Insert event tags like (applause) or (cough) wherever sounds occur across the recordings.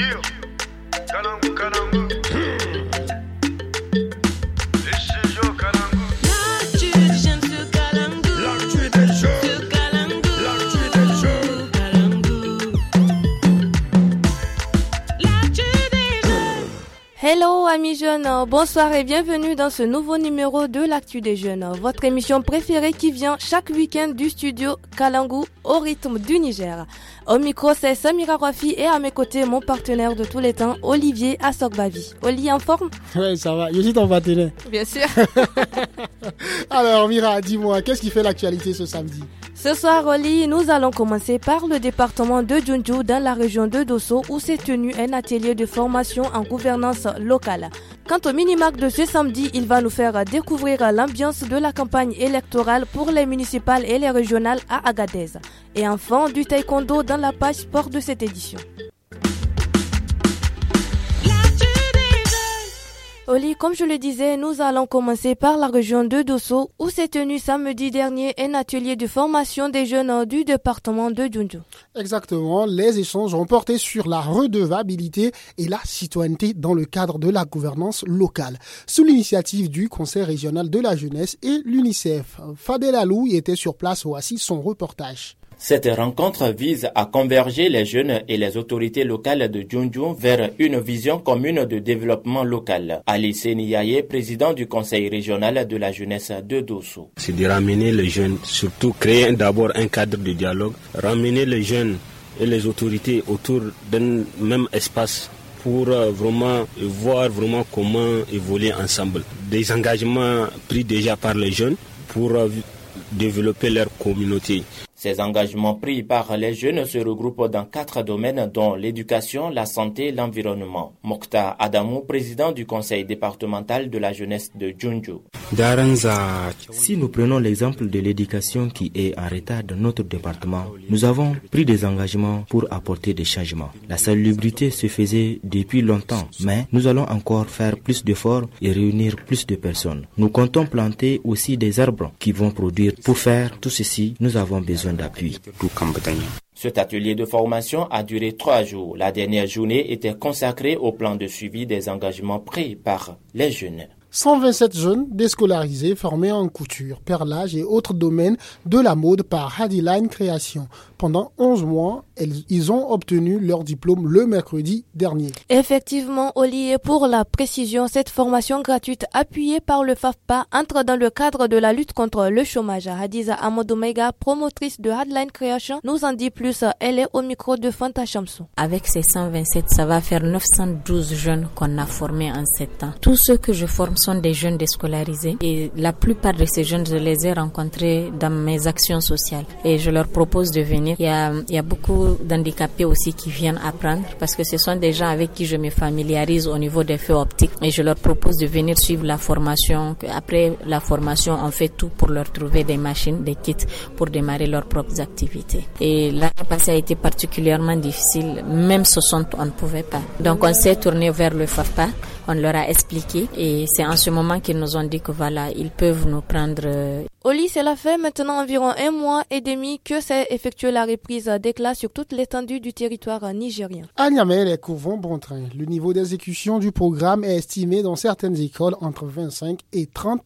Yeah. Kalangu, kalangu. Hello amis jeunes, bonsoir et bienvenue dans ce nouveau numéro de l'actu des jeunes, votre émission préférée qui vient chaque week-end du studio Kalangu au rythme du Niger. Au micro c'est Samira Rafi et à mes côtés mon partenaire de tous les temps, Olivier Assogbavi. Olivier en forme Oui ça va, je suis ton partenaire. Bien sûr. (laughs) Alors Mira, dis-moi, qu'est-ce qui fait l'actualité ce samedi ce soir, Oli, nous allons commencer par le département de Junju dans la région de Doso où s'est tenu un atelier de formation en gouvernance locale. Quant au minimac de ce samedi, il va nous faire découvrir l'ambiance de la campagne électorale pour les municipales et les régionales à Agadez. Et enfin, du taekwondo dans la page sport de cette édition. Oli, comme je le disais, nous allons commencer par la région de Dosso où s'est tenu samedi dernier un atelier de formation des jeunes du département de Djundjou. Exactement, les échanges ont porté sur la redevabilité et la citoyenneté dans le cadre de la gouvernance locale, sous l'initiative du Conseil régional de la jeunesse et l'UNICEF. Fadel Alou était sur place au son reportage. Cette rencontre vise à converger les jeunes et les autorités locales de Djundjoun vers une vision commune de développement local. Ali Niaye, président du conseil régional de la jeunesse de Dosso. C'est de ramener les jeunes, surtout créer d'abord un cadre de dialogue, ramener les jeunes et les autorités autour d'un même espace pour euh, vraiment voir vraiment comment évoluer ensemble. Des engagements pris déjà par les jeunes pour euh, développer leur communauté. Ces engagements pris par les jeunes se regroupent dans quatre domaines dont l'éducation, la santé, l'environnement. Mokta Adamou, président du conseil départemental de la jeunesse de Junju. Si nous prenons l'exemple de l'éducation qui est en retard dans notre département, nous avons pris des engagements pour apporter des changements. La salubrité se faisait depuis longtemps, mais nous allons encore faire plus d'efforts et réunir plus de personnes. Nous comptons planter aussi des arbres qui vont produire. Pour faire tout ceci, nous avons besoin besoin d'appui. Cet atelier de formation a duré trois jours. La dernière journée était consacrée au plan de suivi des engagements pris par les jeunes. 127 jeunes déscolarisés formés en couture, perlage et autres domaines de la mode par Hadiline Création. Pendant 11 mois, ils ont obtenu leur diplôme le mercredi dernier. Effectivement, Oli, pour la précision, cette formation gratuite appuyée par le FAFPA entre dans le cadre de la lutte contre le chômage. Hadiza Amodomega, promotrice de Hardline Creation, nous en dit plus. Elle est au micro de Fanta Avec ces 127, ça va faire 912 jeunes qu'on a formés en 7 ans. Tous ceux que je forme sont des jeunes déscolarisés et la plupart de ces jeunes, je les ai rencontrés dans mes actions sociales et je leur propose de venir. Il il y a beaucoup d'handicapés aussi qui viennent apprendre parce que ce sont des gens avec qui je me familiarise au niveau des feux optiques et je leur propose de venir suivre la formation. Après la formation, on fait tout pour leur trouver des machines, des kits pour démarrer leurs propres activités. Et la passée a été particulièrement difficile, même ce sont on ne pouvait pas. Donc on s'est tourné vers le FAFPA, on leur a expliqué et c'est en ce moment qu'ils nous ont dit que voilà, ils peuvent nous prendre euh, Oli, cela fait maintenant environ un mois et demi que s'est effectuée la reprise des classes sur toute l'étendue du territoire nigérien. À Niamey, les cours vont bon train. Le niveau d'exécution du programme est estimé dans certaines écoles entre 25 et 30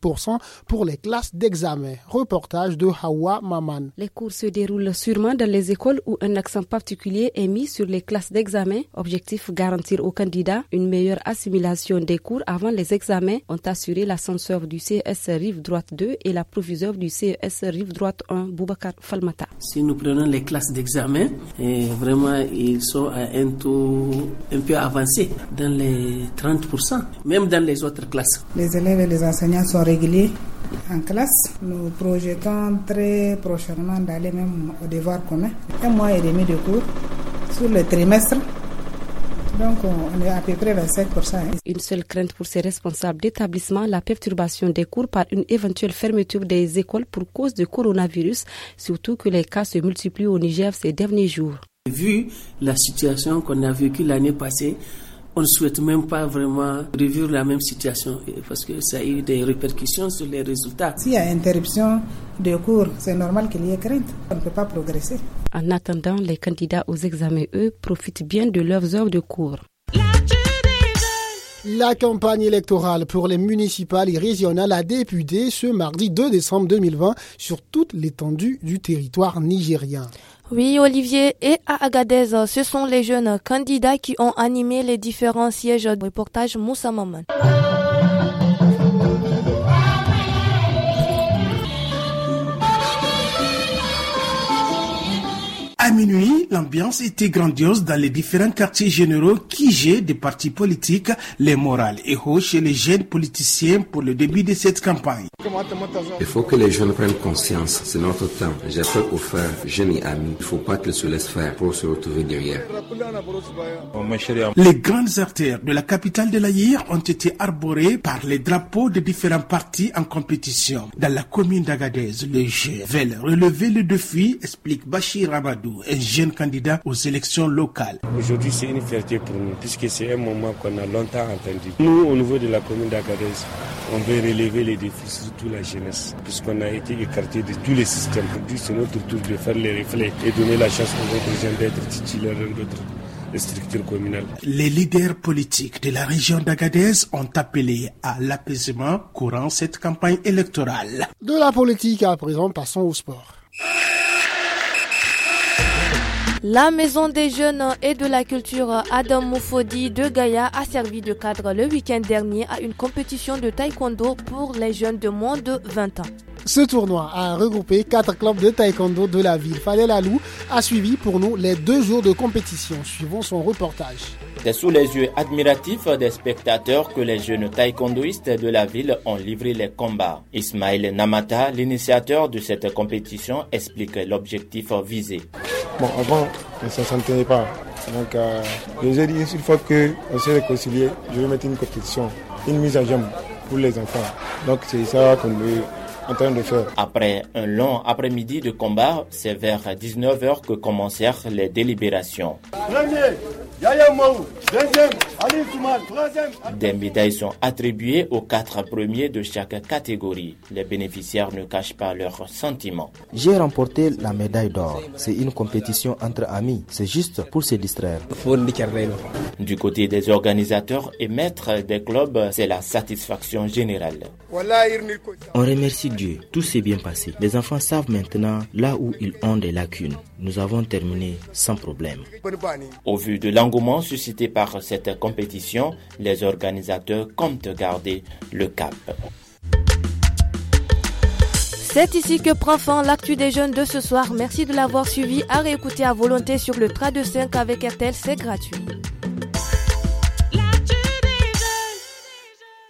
pour les classes d'examen. Reportage de Hawa Maman. Les cours se déroulent sûrement dans les écoles où un accent particulier est mis sur les classes d'examen. Objectif garantir aux candidats une meilleure assimilation des cours avant les examens, ont assuré l'ascenseur du CS Rive Droite 2 et la provision du CES Rive Droite 1, Boubacar Falmata. Si nous prenons les classes d'examen, eh, vraiment, ils sont à un taux un peu avancé, dans les 30%, même dans les autres classes. Les élèves et les enseignants sont réguliers en classe. Nous projetons très prochainement d'aller même au devoir commun. Un mois et demi de cours sur le trimestre donc on est à peu près 25%. Hein. Une seule crainte pour ces responsables d'établissement, la perturbation des cours par une éventuelle fermeture des écoles pour cause de coronavirus, surtout que les cas se multiplient au Niger ces derniers jours. Vu la situation qu'on a vécue l'année passée, on ne souhaite même pas vraiment revivre la même situation parce que ça a eu des répercussions sur les résultats. S'il y a interruption de cours, c'est normal qu'il y ait crainte. On ne peut pas progresser. En attendant, les candidats aux examens, eux, profitent bien de leurs heures de cours. La campagne électorale pour les municipales et régionales a débuté ce mardi 2 décembre 2020 sur toute l'étendue du territoire nigérien. Oui, Olivier, et à Agadez, ce sont les jeunes candidats qui ont animé les différents sièges de reportage Moussa Maman. nuit, l'ambiance était grandiose dans les différents quartiers généraux qui gèrent des partis politiques, les morales et chez les jeunes politiciens pour le début de cette campagne. Il faut que les jeunes prennent conscience, c'est notre temps. J'appelle aux frères, jeunes et amis, il ne faut pas qu'ils se laissent faire pour se retrouver derrière. Les grandes artères de la capitale de l'Aïr ont été arborées par les drapeaux de différents partis en compétition. Dans la commune d'Agadez, les jeunes veulent relever le défi, explique Bachir Ramadou un jeune candidat aux élections locales. Aujourd'hui, c'est une fierté pour nous, puisque c'est un moment qu'on a longtemps attendu. Nous, au niveau de la commune d'Agadez, on veut relever les défis, surtout la jeunesse, puisqu'on a été écarté de tous les systèmes. c'est notre tour de faire les reflets et donner la chance aux autres jeunes d'être titulaires d'autres. Les leaders politiques de la région d'Agadez ont appelé à l'apaisement courant cette campagne électorale. De la politique à présent, passons au sport. La Maison des Jeunes et de la Culture Adam Moufodi de Gaïa a servi de cadre le week-end dernier à une compétition de taekwondo pour les jeunes de moins de 20 ans. Ce tournoi a regroupé quatre clubs de taekwondo de la ville. la Alou a suivi pour nous les deux jours de compétition. Suivons son reportage. C'est sous les yeux admiratifs des spectateurs que les jeunes taekwondoïstes de la ville ont livré les combats. Ismaël Namata, l'initiateur de cette compétition, explique l'objectif visé. Bon, avant, ça ne tenait pas. Donc, euh, je dit, une fois qu'on s'est réconcilié, je vais mettre une compétition, une mise à jambe pour les enfants. Donc, c'est ça qu'on est en train de faire. Après un long après-midi de combat, c'est vers 19h que commencèrent les délibérations. Des médailles sont attribuées aux quatre premiers de chaque catégorie. Les bénéficiaires ne cachent pas leurs sentiments. J'ai remporté la médaille d'or. C'est une compétition entre amis. C'est juste pour se distraire. Du côté des organisateurs et maîtres des clubs, c'est la satisfaction générale. On remercie Dieu. Tout s'est bien passé. Les enfants savent maintenant là où ils ont des lacunes. Nous avons terminé sans problème. Au vu de l'enfant, L'engouement suscité par cette compétition, les organisateurs comptent garder le cap. C'est ici que prend fin l'actu des jeunes de ce soir. Merci de l'avoir suivi. À réécouter à volonté sur le Tra 5 avec RTL, c'est gratuit.